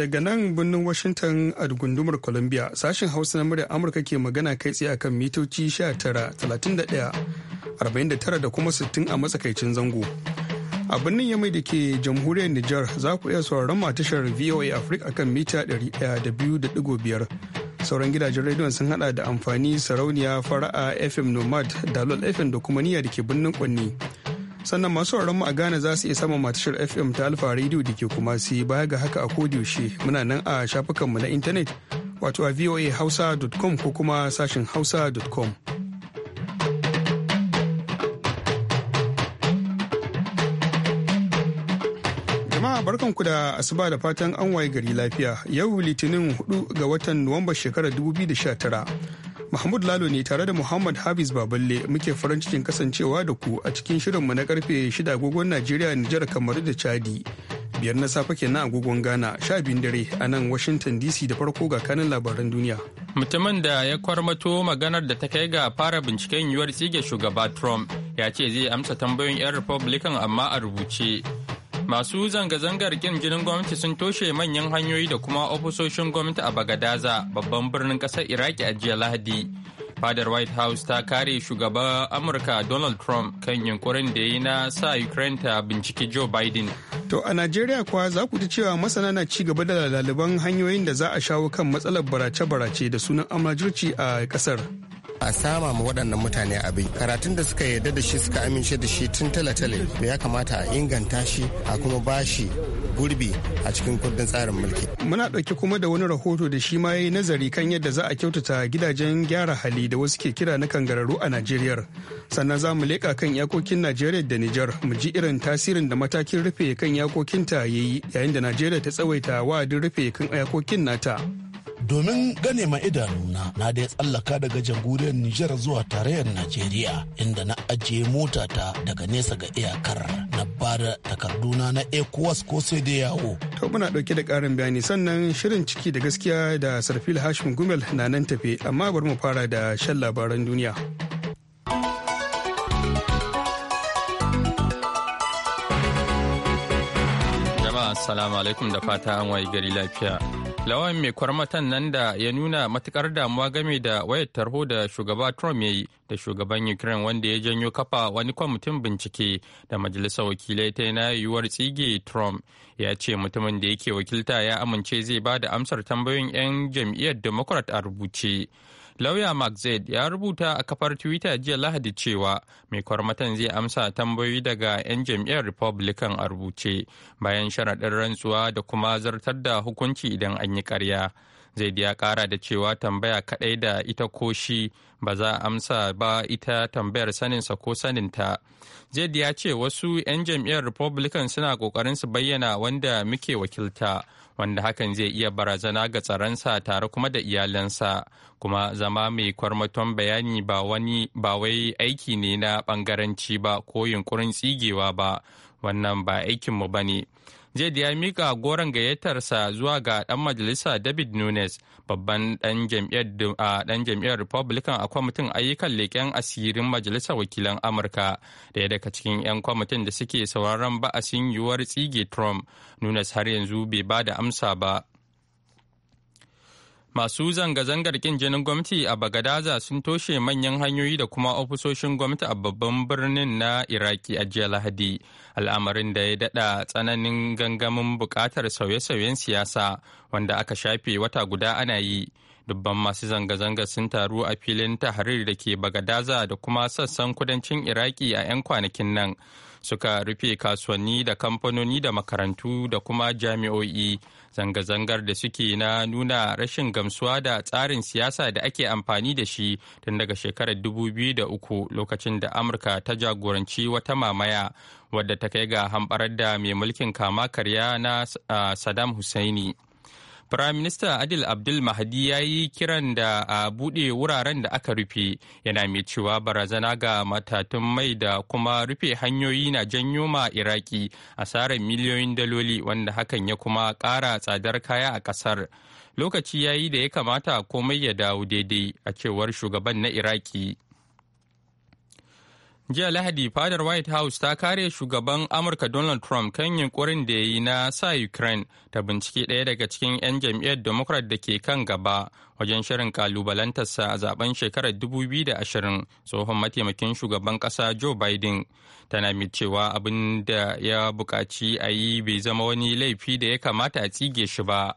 daga nan birnin Washington a gundumar Columbia sashen Hausa na murya Amurka ke magana kai tsaye akan mitoci 19, 31, 49 da kuma 60 a matsakaicin zango. a birnin yamai da ke jamhuriyar Nijar za ku iya sauraron matashar a tashar VOA Africa akan mita 102.5 sauran gidajen rediyon sun hada da amfani sarauniya fara'a FM Nomad, Dalol FM da kuma niyya da ke birnin Kwanni. sannan masu mu a Ghana za su iya samun matashar FM ta Alfa Radio da ke kuma yi baya ga haka a kodiyoshe muna nan a shafukanmu na intanet wato a voa voahausa.com ko kuma sashin hausa.com. Jama'a barkanku da asuba da fatan an waye gari lafiya yau litinin 4 ga watan Nuwamba shekarar 2019. Mahmud Lalo ne tare da Muhammad habiz Baballe muke farin cikin kasancewa da ku a cikin shirinmu na karfe 6 agogon Najeriya, Nijar, kamar da Chadi. Biyar na safe kenan agogon Ghana, sha biyun dare a nan Washington DC da farko ga kanin labaran duniya. Mutumin da ya kwarmato maganar da ta kai ga fara binciken yiwuwar tsige shugaba Trump ya ce zai amsa tambayoyin 'yan Republican amma a rubuce. Masu zanga-zangar kin jinin gwamnati sun toshe manyan hanyoyi da kuma ofisoshin gwamnati a Bagadaza babban birnin ƙasar Iraki a jiya Lahadi. Fadar White House ta kare shugaban Amurka Donald Trump kan yunkurin da ya yi na sa Ukraine ta binciki Joe Biden. To a Najeriya kuwa za ku ji cewa masana na ci gaba da laliban hanyoyin da za a shawo kan matsalar barace-barace da sunan amajirci a kasar. a sama ma waɗannan mutane abin karatun da suka yarda da shi suka amince da shi tun talatale tale ya kamata a inganta shi a kuma ba shi gurbi a cikin kundin tsarin mulki muna ɗauki kuma da wani rahoto da shi ma ya yi nazari kan yadda za a kyautata gidajen gyara hali da wasu ke kira na kangararru a najeriya sannan za mu leƙa kan iyakokin najeriya da nijar mu ji irin tasirin da matakin rufe kan iyakokinta ya yi yayin da najeriya ta tsawaita wa'adin rufe kan iyakokin nata domin gane ma idanuna na da tsallaka daga jamhuriyar Nijar zuwa tarayyar Najeriya inda na ajiye motata daga nesa ga iyakar na bada takarduna na ECOWAS ko sai da yawo. To muna dauke da karin bayani sannan shirin ciki da gaskiya da Sarfil Hashim Gumel na nan tafe amma bari mu fara da shan labaran duniya. Jama'a assalamu alaikum da fata an wayi gari lafiya. Lawan mai kwarmatan nan da ya nuna matukar damuwa game da wayar tarho da shugaba Trump yayi da shugaban Ukraine wanda ya janyo kafa wani kwamitin bincike da majalisar wakilai ta na yiwuwar tsige Trump ya ce mutumin da yake wakilta ya amince zai ba da amsar tambayoyin 'yan jam'iyyar Democrat a rubuce. lauya mark zaid ya rubuta a kafar twitter jiya lahadi cewa mai kwarmatan zai amsa tambayoyi daga 'yan jam'iyyar republican a rubuce bayan sharaɗin rantsuwa da kuma zartar da hukunci idan an yi ƙarya zai ya kara da cewa tambaya kadai da ita ko shi ba za a amsa ba ita tambayar saninsa ko saninta zaid ya ce wasu 'yan jam'iyyar republican suna kokarin su bayyana wanda muke wakilta wanda hakan zai iya barazana ga tsaronsa tare kuma da iyalansa kuma zama mai kwarmaton bayani ba wani ba wai aiki ne na bangaranci ba ko yunkurin tsigewa ba wannan ba aikinmu ba ne da ya mika goron gayyatarsa zuwa ga dan majalisa david nunes babban dan jam'iyyar republican a kwamitin ayyukan leƙen asirin majalisar wakilan amurka daya daga cikin 'yan kwamitin da suke sauraron ba'asin yiwuwar tsige trump nunes har yanzu bai ba da amsa ba Masu zanga-zangar kin jinin gwamnati a Bagadaza sun toshe manyan hanyoyi da kuma ofisoshin gwamnati a babban birnin na Iraki a jiya Lahadi, al'amarin da ya dada tsananin gangamin buƙatar sauye-sauyen siyasa wanda aka shafe wata guda ana yi. Dubban masu zanga-zanga sun taru a filin tahariri da ke Bagadaza da kuma sassan kudancin Iraki a 'yan kwanakin nan. suka rufe kasuwanni da kamfanoni da makarantu da kuma jami'o'i zanga-zangar da suke na nuna rashin gamsuwa da tsarin siyasa da ake amfani da shi tun daga shekarar 2003 lokacin da amurka ta jagoranci wata mamaya wadda ta kai ga hamɓarar da mai mulkin kama karya na ah, saddam husaini minister Adil Abdul Mahdi ya yi kiran da a buɗe wuraren da aka rufe yana mai cewa barazana ga matatun mai da kuma rufe hanyoyi na janyo ma Iraki asarar miliyoyin daloli wanda hakan ya kuma ƙara tsadar kaya a ƙasar. Lokaci ya yi da ya kamata komai ya dawo daidai a cewar shugaban na Iraki. jiya lahadi fadar white house ta kare shugaban amurka donald trump kan yunkurin da ya yi na sa ukraine ta bincike ɗaya daga cikin 'yan jam'iyyar democrat da ke kan gaba wajen shirin kalubalantarsa a zaben shekarar 2020 tsohon mataimakin shugaban ƙasa joe biden tana mai cewa abin da ya bukaci a yi bai zama wani laifi da ya kamata a tsige shi ba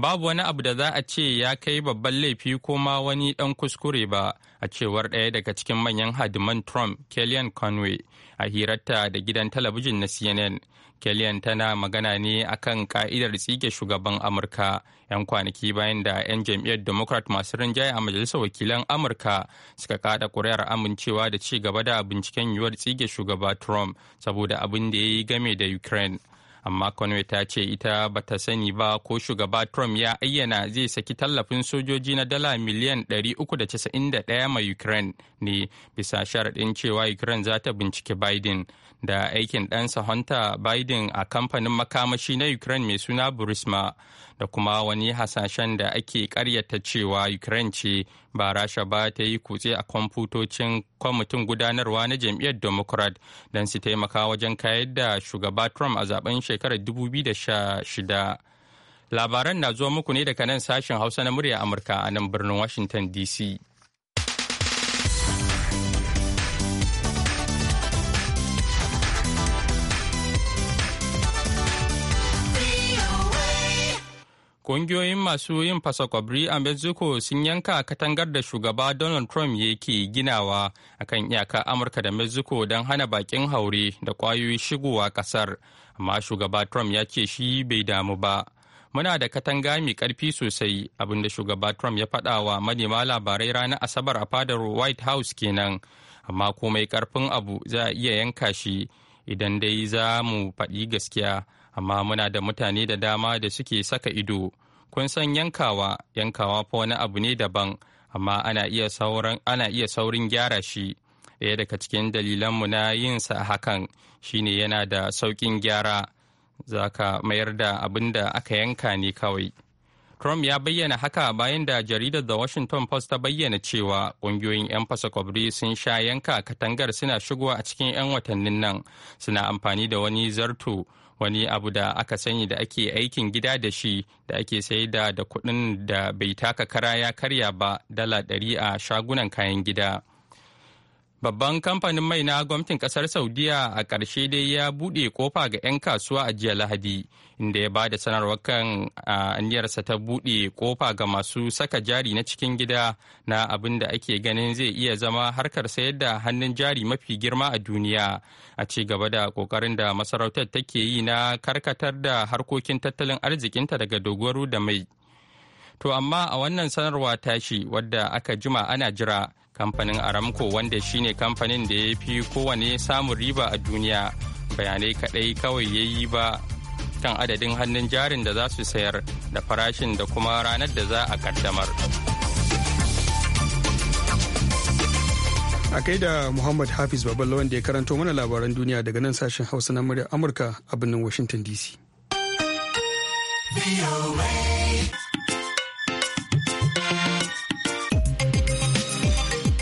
babu wani abu da za a ce ya kai babban laifi ko ma wani dan kuskure ba a cewar ɗaya daga cikin manyan hadiman trump kellyan conway a hirarta da gidan talabijin na cnn kellyan tana magana ne akan ka'idar tsige shugaban amurka 'yan kwanaki bayan da 'yan jam'iyyar democrat masu rinjaye a majalisar wakilan amurka suka kada kuri'ar amincewa da ci gaba da binciken yiwuwar tsige shugaba trump saboda abin da ya yi game da ukraine amma conway ta ce ita ba ta sani ba ko shugaba trump ya ayyana zai saki tallafin sojoji na dala miliyan 391 mai ukraine ne bisa sharaɗin cewa ukraine za ta bincike biden da aikin ɗansa hunter biden a kamfanin makamashi na ukraine mai suna burisma da kuma wani hasashen da ake karyata cewa ukraine ce ba rasha ba ta yi kutse a kwamfutocin kwamitin gudanarwa na jam'iyyar democrat don su taimaka wajen kayar da shugaba trump a zaben shekarar 2016 labaran na zuwa muku ne daga nan sashen hausa na murya amurka a nan birnin washington dc Ƙungiyoyin masu yin fasakwabri a Mexico sun yanka katangar da shugaba Donald Trump yake ginawa a kan iyaka Amurka da Mexico don hana bakin haure da ƙwayoyi shigowa ƙasar, amma shugaba Trump ya ce shi bai damu ba. Muna da katanga mai karfi sosai abinda shugaba Trump ya faɗa wa manema labarai ranar Asabar a fadar White House kenan, amma komai karfin abu za a iya yanka shi idan dai za mu faɗi gaskiya. amma muna da mutane da dama da suke saka ido kun san yankawa yankawa fa wani abu ne daban amma ana iya sauran ana iya saurin gyara shi ɗaya daga cikin dalilanmu na yin sa hakan shine yana da sauƙin gyara za ka mayar da abin da aka yanka ne kawai Trump ya bayyana haka bayan da jaridar The Washington Post ta bayyana cewa ƙungiyoyin 'yan fasakwabri sun sha yanka katangar suna shigowa a cikin 'yan watannin nan suna amfani da wani zarto wani abu da aka sani da ake aikin gida da shi da ake saida da kuɗin da bai taka kara ya karya ba dala ɗari a shagunan kayan gida. Babban kamfanin mai na gwamnatin kasar Saudiya a ƙarshe dai ya buɗe kofa ga 'yan kasuwa a jiya Lahadi, inda ya ba da sanarwar kan aniyarsa ta buɗe kofa ga masu saka jari na cikin gida na abin da ake ganin zai iya zama harkar sayar da hannun jari mafi girma a duniya. A ci gaba da ƙoƙarin da masarautar take yi na karkatar da harkokin tattalin arzikinta daga dogaro da mai. To amma a wannan sanarwa tashi wadda aka jima ana jira kamfanin aramco wanda shine kamfanin da ya fi kowane samun riba a duniya bayanai kadai kawai ya yi ba kan adadin hannun jarin da za su sayar da farashin da kuma ranar da za a kaddamar a kai da muhammad hafiz baballa wanda ya karanto mana labaran duniya daga nan sashen hausa na murya amurka a birnin washington dc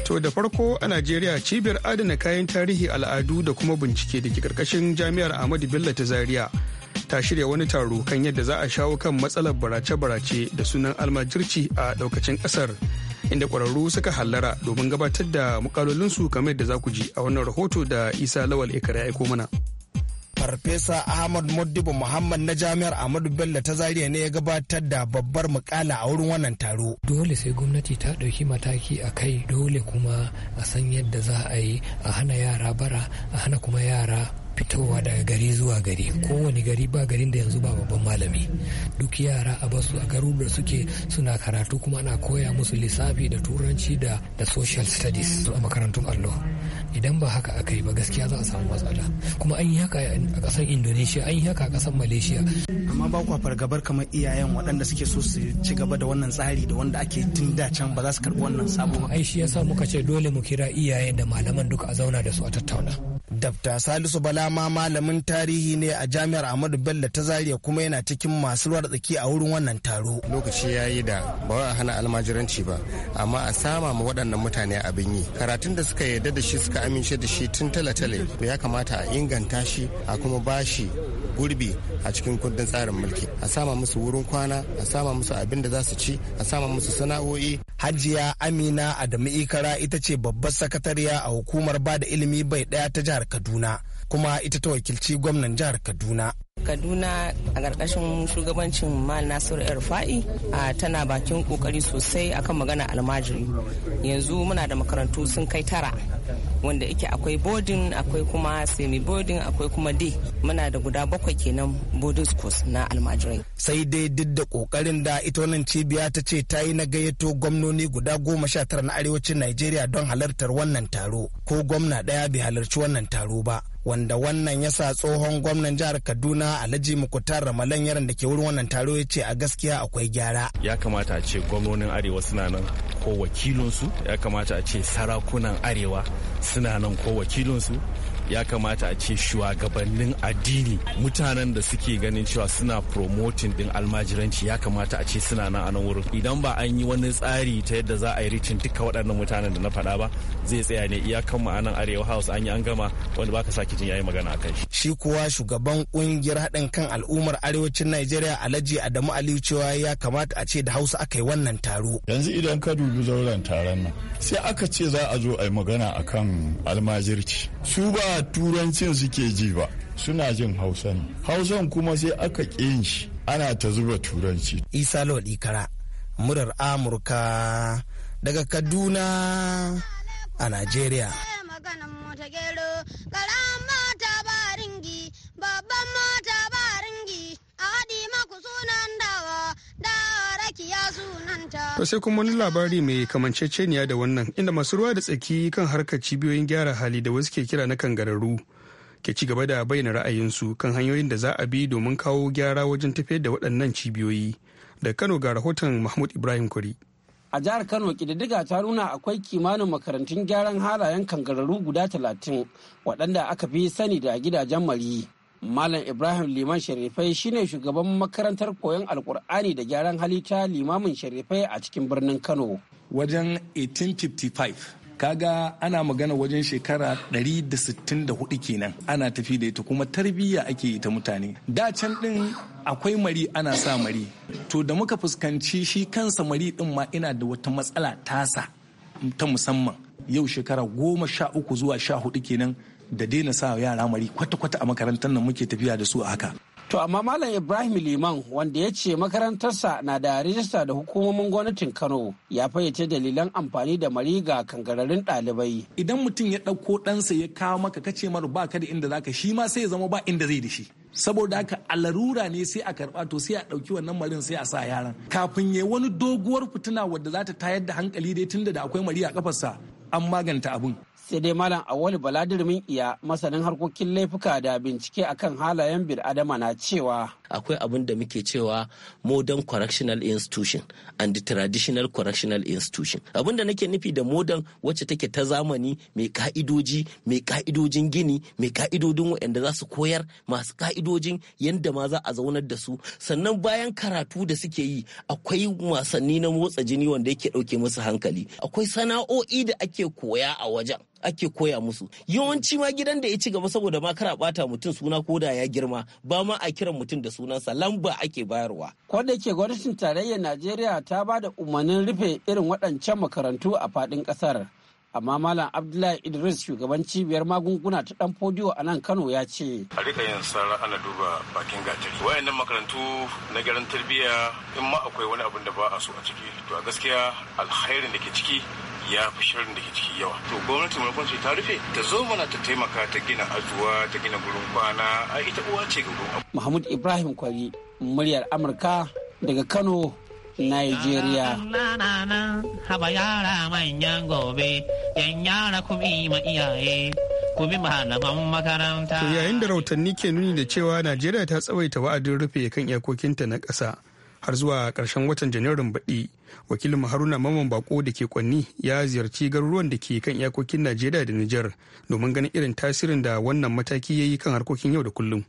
To da farko a Najeriya cibiyar adana kayan tarihi al'adu da kuma bincike da ke karkashin jami'ar Ahmadu Bello ta Zaria ta shirya wani taro kan yadda za a shawo kan matsalar barace-barace da sunan almajirci a daukacin kasar inda ƙwararru suka hallara domin gabatar da mukalolinsu kamar yadda za ku ji a wannan rahoto da Isa Lawal Ikara ya aiko mana. farfesa ahmad modibo muhammad na jami'ar ahmadu bello ta zaria ne ya gabatar da babbar mukala a wurin wannan taro dole sai gwamnati ta ɗauki mataki a kai dole kuma a san yadda za a yi a hana yara bara a hana kuma yara fitowa daga gari zuwa gari kowane gari ba garin da yanzu ba babban malami duk yara a basu a garuruwa suke suna karatu kuma ana koya musu lissafi da turanci da da social studies a makarantun allo idan ba haka aka yi ba gaskiya za a samu matsala kuma an yi haka a kasar indonesia an yi haka a kasar malaysia amma ba fargabar kamar iyayen waɗanda suke so su ci gaba da wannan tsari da wanda ake tun da can ba za su karɓi wannan sabon ai shi yasa muka ce dole mu kira iyaye da malaman duka a zauna da su a tattauna Dabta Salisu Bala ma malamin tarihi ne a jami'ar Ahmadu Bello ta Zaria kuma yana cikin masu ruwa tsaki a wurin wannan taro. Lokaci ya yi da ba a hana almajiranci ba amma a sama ma waɗannan mutane abin yi. Karatun da suka yarda da shi suka amince da shi tun tale-tale ya kamata a inganta shi a kuma bashi. gurbi a cikin kundin tsarin mulki a sama musu wurin kwana a sama musu abin da za su ci a sama musu sana'o'i hajiya amina adamu ikara ita ce babbar sakatariya a hukumar ba da ilimi bai daya ta jihar kaduna kuma ita ta wakilci gwamnan jihar kaduna kaduna a ƙarƙashin shugabancin mal nasiru a tana bakin ƙoƙari sosai akan magana almajiri yanzu muna da makarantu sun kai tara wanda yake akwai boarding akwai kuma semi boarding akwai kuma day muna da guda bakwai kenan boarding schools na almajirai sai dai duk da kokarin da ita wannan cibiya ta ce ta yi na gayyato gwamnoni guda goma sha tara na arewacin Nigeria don halartar wannan taro ko gwamna daya bai halarci wannan taro ba wanda wannan ya sa tsohon gwamnan jihar kaduna alhaji mukutar ramalan yaran da ke wurin wannan taro ya ce a gaskiya akwai gyara ya kamata a ce gwamnonin arewa suna nan ko wakilinsu ya kamata a ce sarakunan arewa suna nan ko wakilinsu ya kamata a ce shugabannin addini mutanen da suke ganin cewa suna promoting din almajiranci ya kamata a ce suna nan a nan wurin idan ba an yi wani tsari ta yadda za a yi ricin duka waɗannan mutanen da na faɗa ba zai tsaya ne iyakan mu a arewa house an yi an gama wanda baka saki jin yayi magana akan shi shi kuwa shugaban kungiyar haɗin kan al'ummar arewacin Najeriya Alhaji Adamu Aliyu cewa ya kamata a ce da Hausa aka yi wannan taro yanzu idan ka dubi zauren taron nan sai aka ce za a zo a yi magana akan almajirci su ba turancin suke ji ba suna jin hausa ne hausan kuma sai aka ƙin shi ana ta zuba turanci isa lodi kara murar amurka daga kaduna a nigeria. babban mota ba ringi a haɗi maku sunan dawa dawa To sai kuma wani labari mai kamanceceniya da wannan inda masu ruwa da tsaki kan harkar cibiyoyin gyara hali da wasu ke kira na kangararru ke ci gaba da bayyana ra'ayinsu kan hanyoyin da za a bi domin kawo gyara wajen tafiyar da waɗannan cibiyoyi. Da Kano ga rahoton Mahmud Ibrahim Kuri. A jihar Kano kididdiga ta nuna akwai kimanin makarantun gyaran halayen kangararru guda talatin waɗanda aka fi sani da gidajen mari. Malam Ibrahim Liman Sharifai shine shugaban makarantar koyon Alkur'ani da gyaran halitta limamin Sharifai a cikin birnin Kano. Wajen 1855 kaga ana magana wajen shekara 164 kenan ana tafi da ita kuma tarbiyya ake yi ta mutane. Da can ɗin akwai mari ana sa mari. To da muka fuskanci shi kansa mari ɗin ma ina da wata matsala tasa ta musamman. Yau shekara goma sha uku zuwa sha hudu kenan da daina sa yara mari kwata-kwata a makarantar nan muke tafiya da su a haka. To amma Malam Ibrahim Liman wanda ya ce makarantarsa na da rijista da hukumomin gwamnatin Kano ya fayyace dalilan amfani da mari ga kangararin ɗalibai. Idan mutum ya ɗauko ɗansa ya kawo maka kace mara ba ka da inda zaka shi ma sai ya zama ba inda zai da shi. saboda haka a larura ne sai a karɓa to sai a ɗauki wannan marin sai a sa yaran kafin ya wani doguwar fituna wadda za ta tayar da hankali dai tunda da akwai mari a kafarsa an maganta abun sai dai malam awali baladirmin iya masanin harkokin laifuka da bincike akan halayen adama na cewa akwai abin da muke cewa modern correctional institution and traditional correctional institution abin da nake nufi da modern wacce take ta zamani mai ka'idoji mai ka'idojin gini mai ka'idodin waɗanda za su koyar masu ka'idojin yadda ma za a zaunar da su sannan bayan karatu da suke yi akwai wasanni na motsa jini wanda yake ɗauke musu hankali akwai sana'o'i da ake koya a wajen ake koya musu yawanci ma gidan da ya ci gaba saboda ma kana bata mutum suna ko da ya girma ba ma a kiran mutum da sunansa lamba ake bayarwa ko da ke gwamnatin tarayyar Najeriya ta ba da umarnin rufe irin waɗancan makarantu a fadin kasar amma malam abdullahi idris shugaban cibiyar magunguna ta dan fodiyo a nan kano ya ce a rika yin sara ana duba bakin gatari wayannan makarantu na garin tarbiyya in ma akwai wani abin da ba a so a ciki to a gaskiya alkhairin da ke ciki ya fi shirin da ke ciki yawa to gwamnati maimakon ce ta rufe ta zo mana ta taimaka ta gina azuwa ta gina gurin kwana a ita uwa ce ga gurin mahmud ibrahim kwari muryar amurka daga kano Nigeria. Haba yara manyan gobe, yan yara bi ma iyaye, bi malaman makaranta. yayin da rautanni ke nuni da cewa Najeriya ta tsawaita wa'adin rufe kan iyakokinta na ƙasa. har zuwa karshen watan janairun baɗi wakilin haruna maman bako da ke kwanni ya ziyarci garuruwan da ke kan iyakokin najeriya da nijar domin ganin irin tasirin da wannan mataki ya yi kan harkokin yau da kullum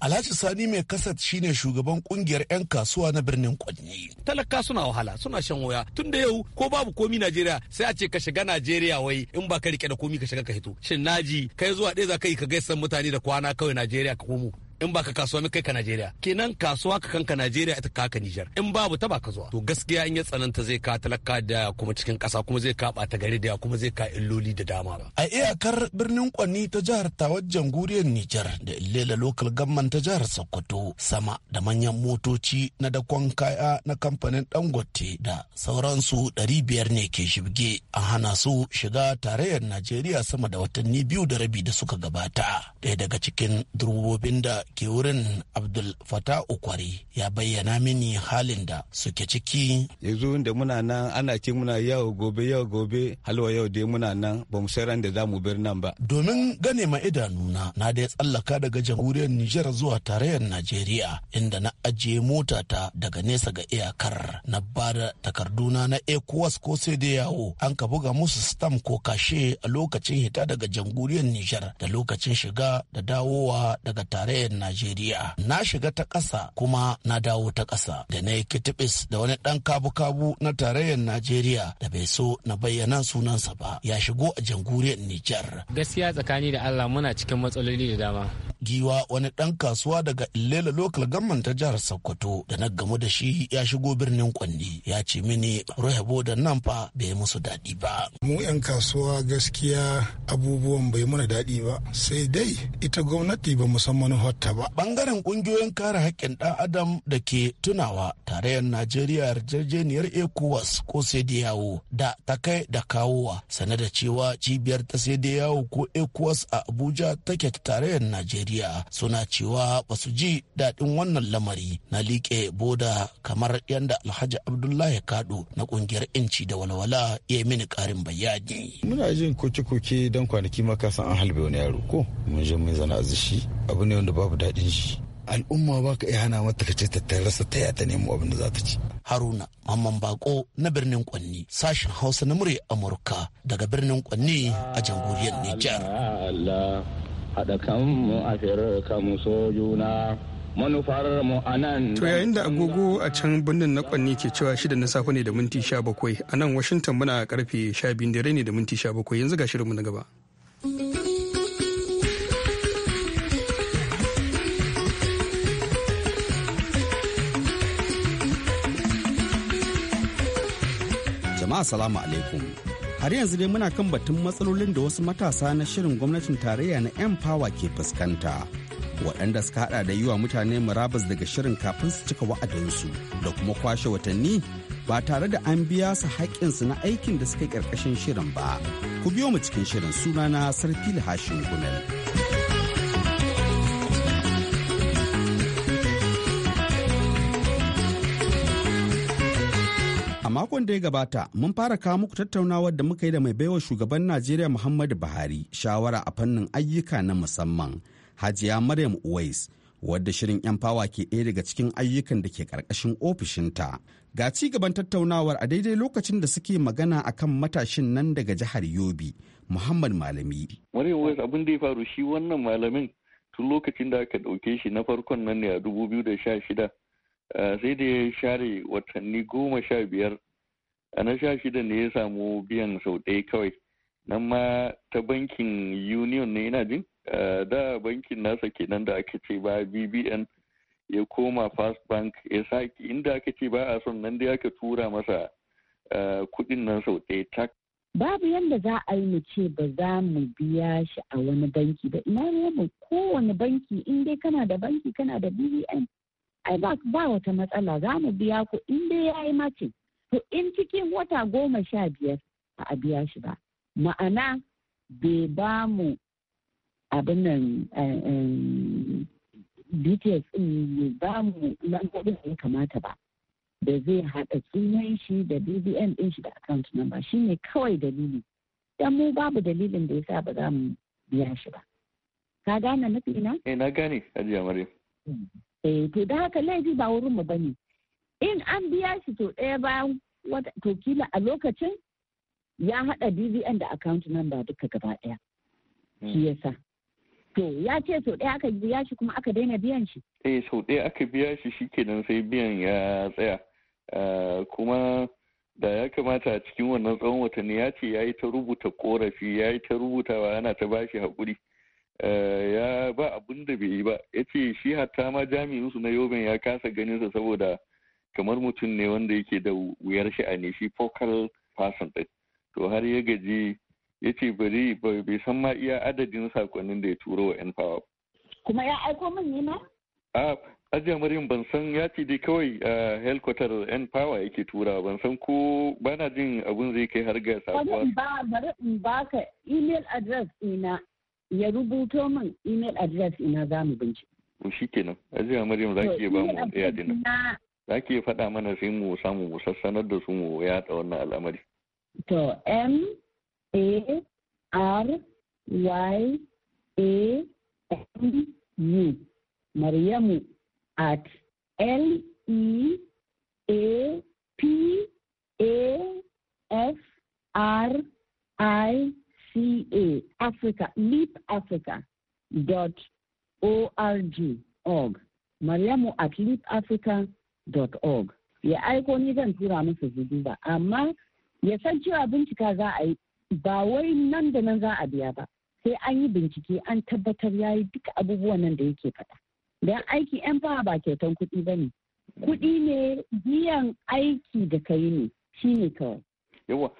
Alhaji Sani mai kasat shine shugaban kungiyar 'yan kasuwa na birnin Kwanni. Talaka suna wahala suna shan waya tun da yau ko babu komi Najeriya sai a ce ka shiga Najeriya wai in ba ka rike da komi ka shiga ka hito. Shin naji kai zuwa ɗaya za ka yi ka gaisan mutane da kwana kawai Najeriya ka komo. in baka kasuwa mai kai ka Najeriya kenan kasuwa ka kanka Najeriya ita ka ka Niger in babu ta baka zuwa to gaskiya in ya tsananta zai ka talaka da kuma cikin kasa kuma zai ka bata gari da kuma zai ka illoli da dama ba. a iyakar birnin Kwani ta jihar Tawad jamhuriyar Niger da illela local government ta jihar Sokoto sama da manyan motoci na dakon kaya na kamfanin Dangote da sauran sauransu 500 ne ke shibge an hana su shiga tarayyar Najeriya sama da watanni biyu da rabi da suka gabata daya daga cikin durbobin da ke wurin abdul fata ukwari ya bayyana mini halin da suke ciki yanzu da muna nan ana ce muna yau gobe yau gobe halwa yau dai muna nan ba mu sayar da za mu bir nan ba domin gane ma idanuna na da ya tsallaka daga jamhuriyar nijar zuwa tarayyar najeriya inda na ajiye mota ta daga nesa ga iyakar na bada takarduna na ecowas ko sai da yawo an ka buga musu stam ko kashe a lokacin hita daga jamhuriyar nijar da lokacin shiga da dawowa daga tarayyar Najeriya. Na shiga ta ƙasa kuma na dawo ta ƙasa da na yi kitibis da wani ɗan kabu-kabu na tarayyar Najeriya da bai so na bayyana sunansa ba ya shigo a jamhuriyar Nijar. Gaskiya tsakani da Allah muna cikin matsaloli da dama. giwa wani ɗan kasuwa daga illela local government ta jihar sokoto da na gamu da shi ya shigo birnin kwanni ya ce mini rahabo da nan fa bai musu daɗi ba mu 'yan kasuwa gaskiya abubuwan bai muna daɗi ba sai dai ita gwamnati ba musamman hotta ba bangaren ƙungiyoyin kare haƙƙin ɗan adam da ke tunawa tarayyar najeriya yarjejeniyar ecowas ko sai da yawo da ta kai da kawowa sanar da cewa cibiyar ta sai da yawo ko ecowas a abuja take tarayyar najeriya najeriya suna cewa ba su ji daɗin wannan lamari na liƙe boda kamar yadda alhaji abdullahi kado na ƙungiyar inci da walwala ya mini ƙarin bayani muna jin koke-koke don kwanaki ma kasan an halbe wani yaro ko mun je mun zana azishi abu ne wanda babu daɗin shi al'umma ba ka iya hana mata ka ce ta rasa ta ya ta nemo abin da za ta ci. Haruna Mamman Bako na birnin Kwanni sashen Hausa na murya Amurka daga birnin Kwanni a jamhuriyar Nijar. haɗa kanmu afirka mu so juna manufar mu anan to yayin da agogo a can birnin na kwanni ke cewa shida na safe ne da minti 17 a nan washington muna karfe 12 dare ne da minti 17 yanzu ga shirinmu na gaba jama'a salamu alaikum har yanzu dai muna kan batun matsalolin da wasu matasa na shirin gwamnatin tarayya na empower ke fuskanta waɗanda suka haɗa da yiwa mutane murabas daga shirin kafin su cika wa'adansu da kuma kwashe watanni ba tare da an biya su haƙƙinsu na aikin da suka ƙarƙashin shirin ba ku biyo mu cikin shirin sunana sarfili hashin gumel. makon da ya gabata mun fara kawo muku tattaunawar da muka yi da mai baiwa shugaban najeriya muhammadu buhari shawara a fannin ayyuka na musamman hajiya maryam uwais wadda shirin 'yan fawa ke ɗaya daga cikin ayyukan da ke ƙarƙashin ofishinta ga ci gaban tattaunawar a daidai lokacin da suke magana akan matashin nan daga jihar yobe muhammad malami maryam uwais abin da ya faru shi wannan malamin tun lokacin da aka ɗauke shi na farkon nan ne a 2016 eh, sai da ya share watanni goma sha biyar a na sha shida ne ya samu biyan sau ɗaya kawai nan ma ta bankin union ne yana jin da bankin nasa kenan da aka ce ba bbn ya koma fast bank ya saki inda aka ce ba a son nan dai aka tura masa kudin nan sau ɗaya tak babu yadda za a yi mu ce ba za mu biya shi a wani banki ba ina mu kowane banki in dai kana da banki kana da bbn ai ba wata matsala za mu biya ku in dai ya yi mace. to in cikin wata goma sha biyar ba a biya shi ba ma'ana bai ba mu abin nan eh, eh, details bai ba mu lambobin da ya kamata ba da zai haɗa sunan shi da bbn ɗin shi da account number shi ne kawai dalili dan mu babu dalilin da yasa ba za mu biya shi ba ka gane nufi na? eh na gane hajiya maryam eh to da haka laifi ba wurin mu bane in an biya shi to ɗaya bayan wata to kila a lokacin ya haɗa dvn da account number duka gaba ɗaya hmm. shi yasa to ya ce sau ɗaya aka biya shi kuma aka daina biyan shi eh sau ɗaya aka biya shi shikenan sai biyan ya tsaya eh, kuma da ya kamata a cikin wannan tsawon watanni ya ce ya yi ta rubuta korafi ya yi ta rubutawa yana ta bashi haƙuri eh, ya ba abin da bai yi ba ya ce shi hatta ma jami'insu na yoben ya kasa ganinsa saboda kamar mutum ne wanda yake da wuyar sha'ani shi focal person ɗin to har ya gaji ya ce bari bai san ma iya adadin sakonnin da ya turo wa yan fawa kuma ya aiko min ne ma a ajiya maryam ban san ya ce dai kawai a helkwatar yan fawa yake tura ban san ko bana jin abun zai kai har ga sabuwa bari in baka email address ina ya rubuto min email address ina za mu bincike to shi kenan ajiya maryam za ki iya ba mu ɗaya dinan za ki faɗa mana sai mu samu mu sassanar da su mu da wannan al'amari. To M A R Y A M U Maryamu at L E A P A F R I C A Africa Leap Africa dot O R G org Maryamu at Leap Africa org ya aiko ni zan tura masa zubi ba amma ya san cewa bincika za a yi ba wai nan da nan za a biya ba sai an yi bincike an tabbatar ya yi duka abubuwan nan da yake faɗa don aiki yan fawa ba kyautan kuɗi ba ne kuɗi ne biyan aiki da ka yi ne shi ne kawai yawa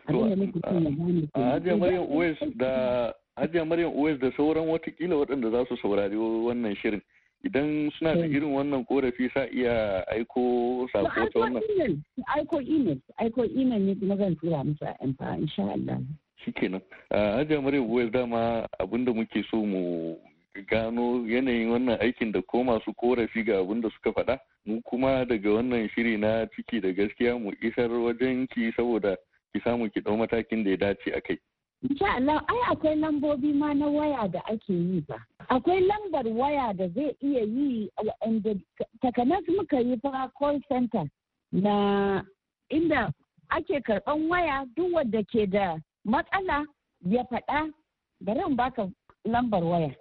hajiya maryam uwais da sauran watakila waɗanda za su saurari wannan shirin idan suna da eh. irin wannan korafi sa iya aiko sako ta wannan aiko email aiko email ne kuma zan tura musu a empa insha Allah shikenan hajiya mare buwai dama abinda muke so mu gano yanayin wannan aikin da ko masu korafi ga abinda suka faɗa mu kuma daga wannan shiri na ciki da gaskiya mu isar wajen ki saboda ki samu ki ɗau matakin da ya dace a kai Allah ai akwai lambobi ma na waya da ake yi ba. Akwai lambar waya da zai iya yi waɗanda takanas muka yi fa call center na inda ake karɓan waya duk wadda ke da matsala ya faɗa bari in baka lambar waya.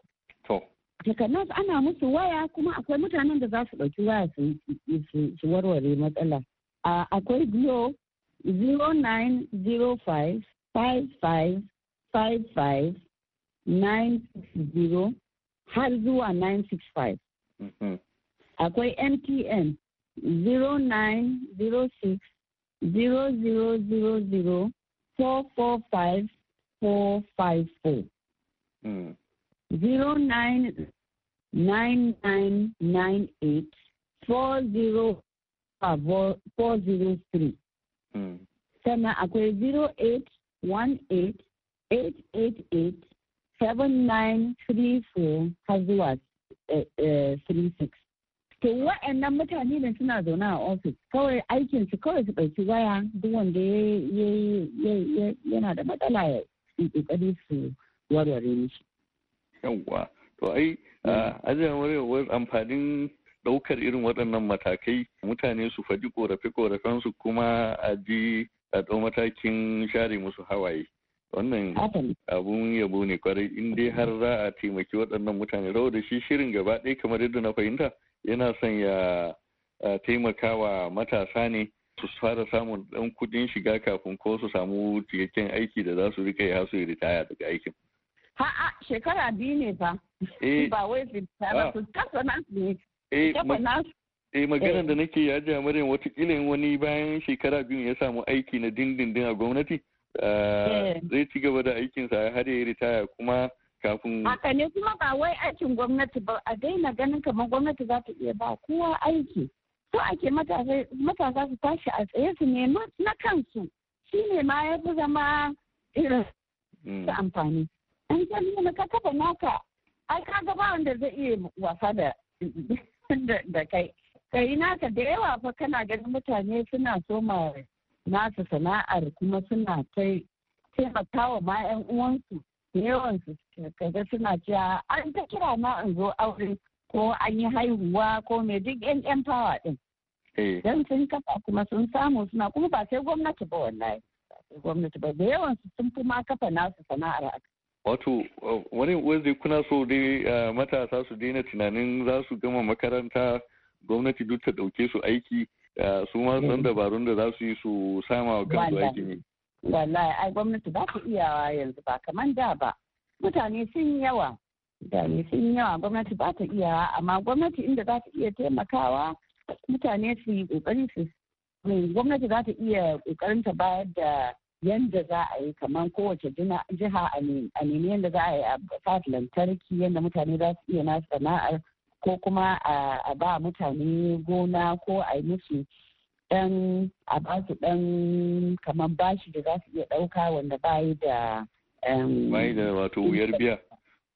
To. Takanas ana musu waya kuma akwai mutanen da za su ɗauki waya su warware matsala. Akwai zero 0905 5555 har zuwa 965. Akwai MTN 0906 0000 445 454. Mm. 099998 40 403. Mm. Sannan akwai 08 hmm. 1 36. Eh, eh, to wa'annan mutane da suna zaune a ofis kawai aikin su kawai su ɗauki waya duk wanda yana da matsala ya ƙoƙari su warware mishi. Yawwa, to ai ajiyar amfanin ɗaukar irin waɗannan matakai mutane su faɗi ƙorafe su kuma a ji a ɗau matakin share musu hawaye wannan abun yabo ne kwarai in dai har za a taimaki waɗannan mutane rawar da shi shirin gaba ɗaya kamar yadda na fahimta yana son ya taimakawa matasa ne su fara samun ɗan kuɗin shiga kafin ko su samu cikakken aiki da za su rika ya su ritaya daga aikin. Ha'a shekara biyu ne ba Eh, Ba wai su ba ah. su kasa nasu ne. Eh, eh maganar eh. da nake ya ji amarin watakila wani bayan shekara biyu ya samu aiki na dindindin a gwamnati ah, eh. zai ci gaba da aikinsa har ya ritaya kuma kafin haka ne kuma ba wai aikin gwamnati ba a daina ganin kamar gwamnati za ta iya ba kowa aiki so ake matasa su tashi a tsaye su nema na kansu shi ma ya fi zama irin hmm. su amfani an ne ka taba naka ai ka ga wanda zai iya wasa da da kai kai naka da yawa fa kana ganin mutane suna soma nasu sana'ar kuma suna kai taimakawa ma 'yan uwansu da yawansu kaga suna cewa an ta kira ma an zo aure ko an yi haihuwa ko me duk 'yan 'yan fawa din eh. don sun kafa kuma sun samu suna kuma ba sai gwamnati ba wallahi gwamnati ba da yawansu sun fi ma kafa nasu sana'ar aka wato uh, wani wanzu kuna so dai uh, matasa su daina tunanin za su gama makaranta gwamnati duk ta ɗauke su aiki su ma san mm. dabarun da za su yi su sama wa kansu aiki ne. Wallahi ai gwamnati ba ta iyawa yanzu ba kamar da ba. Mutane sun yawa. Mutane sun yawa gwamnati ba ta iyawa amma gwamnati inda za ta iya taimakawa mutane su yi kokari su gwamnati za ta iya kokarin ta bayar da yadda za a yi kamar kowace jiha a nemi yadda za a yi a lantarki yadda mutane za su iya na sana'ar ko kuma a ba mutane gona ko a yi musu dan a ba su dan kamar bashi da za su iya dauka wanda yi da bayi da wato wuyar biya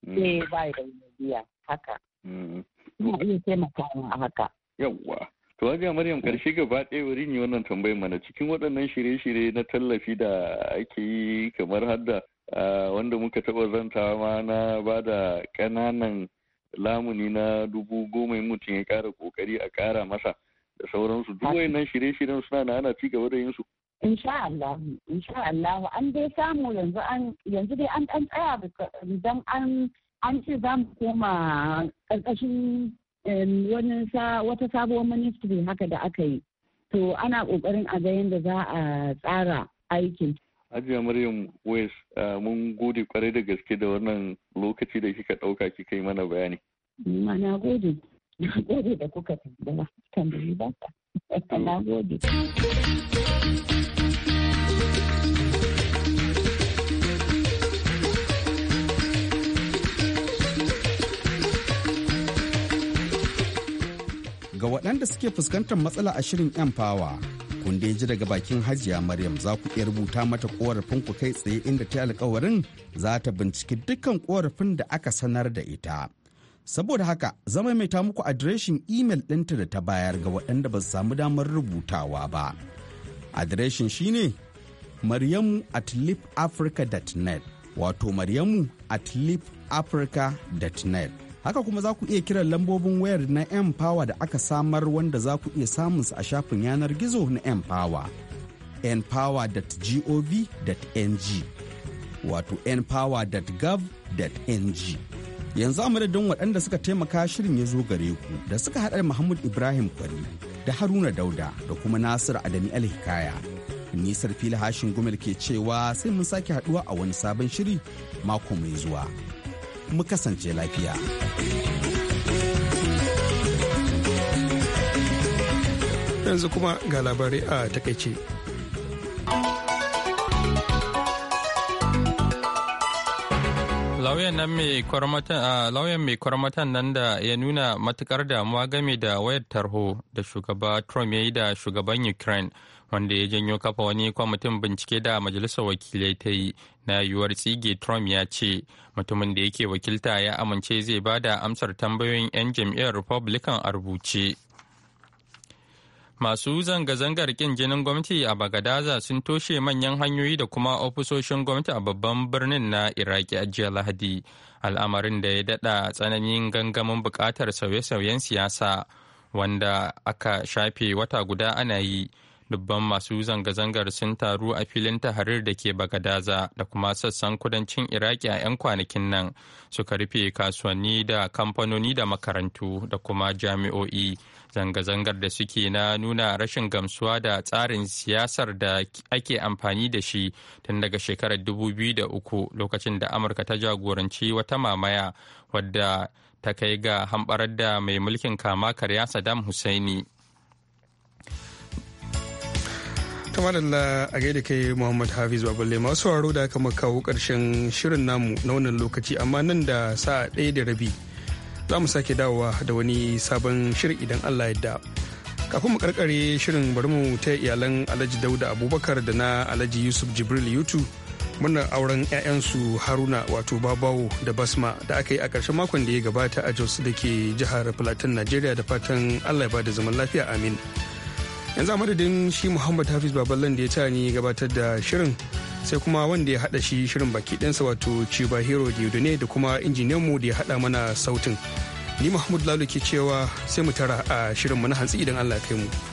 mm. eh yi da wuyar biya haka mm. ina iya taimaka a haka yawwa to hajiya maryam karshe gaba ɗaya wuri ne wannan tambayar mana cikin waɗannan shirye-shirye na tallafi da ake yi kamar hadda ah, wanda muka taɓa zantawa ma na ba da ƙananan lamuni na dubu goma mutum ya ƙara kokari a kara masa da sauransu duk wayannan shirye-shiryen suna na ana ci gaba da yin su. insha Allah insha Allah an dai samu yanzu an yanzu dai an dan tsaya idan an an ce za mu koma karkashin wani wata sabuwar ministry haka da aka yi to ana kokarin a ga yadda za a tsara aikin Hajiya Maryam Wes mun gode kwarai da gaske da wannan lokaci da kika ɗauka kika yi mana bayani. na gode, na gode da kuka tambaya tambayi ba ka. Na gode. Ga waɗanda suke fuskantar matsala a shirin 'yan fawa. kun da ji daga bakin hajiya maryam za ku iya rubuta mata korafin ku kai tsaye inda ta alkawarin za ta binciki dukkan korafin da aka sanar da ita saboda haka zama mai ta muku adireshin imel ɗinta da ta bayar ga waɗanda ba su samu damar rubutawa ba adireshin shine maryamu at net wato maryamu at net haka kuma za ku iya kiran lambobin wayar na empower da aka samar wanda za ku iya samun su a shafin yanar gizo na empower empower.gov.ng wato empower.gov.ng yanzu amadadin waɗanda suka taimaka shirin ya zo gare ku da suka haɗa Muhammad Ibrahim Kwari da Haruna Dauda da kuma Nasir Adami Alhikaya. Nisar fili hashin gumel ke cewa sai mun sake haɗuwa a wani sabon shiri mako mai zuwa. mu kasance lafiya. Yanzu kuma ga labarai a takaice. lauyan mai kwarmatan nan da ya nuna matukar damuwa game da wayar tarho da shugaba trump ya yi da shugaban ukraine wanda ya janyo kafa wani kwamitin bincike da majalisar wakilai ta yi na yiwuwar tsige trump ya ce mutumin da yake wakilta ya amince zai ba da amsar tambayoyin 'yan jam'iyyar republican a rubuce masu zanga-zangar kin jinin gwamnati a bagadaza sun toshe manyan hanyoyi da kuma ofisoshin gwamnati a babban birnin na iraki a jiya lahadi al'amarin da ya dada tsananin gangamin bukatar sauye-sauyen siyasa wanda aka shafe wata guda ana yi dubban masu zanga-zangar sun taru a filin taharir da ke bagadaza da kuma sassan kudancin iraki a 'yan kwanakin nan suka rufe kasuwanni da kamfanoni da makarantu da kuma jami'o'i zanga-zangar da suke na nuna rashin gamsuwa da tsarin siyasar da ake amfani da shi tun daga shekarar 2003 lokacin da amurka ta jagoranci wata mamaya wadda ta kai ga hamɓarar da mai mulkin kama karya saddam husaini kamar da a gaida kai muhammad hafiz baballe masu waro da aka kawo karshen shirin namu na wannan lokaci amma nan da sa'a ɗaya da rabi za mu sake dawowa da wani sabon shirin idan allah yadda kafin mu karkare shirin bari mu ta iyalan alhaji dauda abubakar da na alhaji yusuf jibril yutu murnar auren 'ya'yansu haruna wato babawo da basma da aka yi a ƙarshen makon da ya gabata a jos da ke jihar plateau nigeria da fatan allah ya ba da zaman lafiya amin yanzu a madadin shi muhammad hafiz baballan da ya ta ni gabatar da shirin sai kuma wanda ya hada shi shirin baki ɗansa wato ciba hero diodone da kuma injiniyanmu da ya hada mana sautin ni mahmud lalu ke cewa sai mu tara a shirin mu na hantsi idan allah ya kai mu.